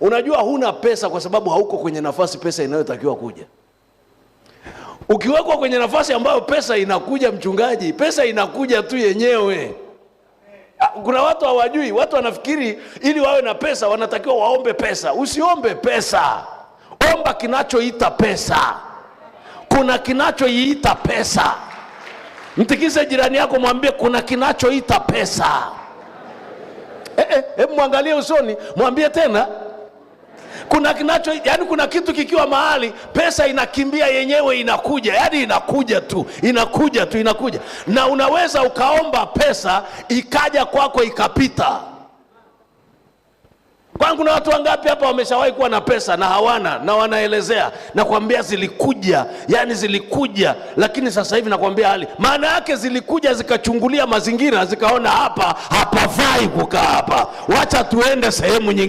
Unajua huna pesa kwa sababu hauko kwenye nafasi pesa inayotakiwa kuja. Ukiwekwa kwenye nafasi ambayo pesa inakuja, mchungaji, pesa inakuja tu yenyewe. Kuna watu hawajui, watu wanafikiri ili wawe na pesa wanatakiwa waombe pesa. Usiombe pesa, omba kinachoita pesa. Kuna kinachoiita pesa. Mtikise jirani yako, mwambie kuna kinachoita pesa. Hebu eh, eh, mwangalie usoni, mwambie tena kuna kinacho, yani kuna kitu kikiwa mahali, pesa inakimbia yenyewe, inakuja yani inakuja tu inakuja tu inakuja, na unaweza ukaomba pesa ikaja kwako ikapita. Kwani kuna watu wangapi hapa wameshawahi kuwa na pesa na hawana na wanaelezea na kuambia zilikuja, yani zilikuja, lakini sasa hivi nakwambia hali maana yake zilikuja, zikachungulia mazingira, zikaona hapa hapafai kukaa hapa, wacha tuende sehemu nyingine.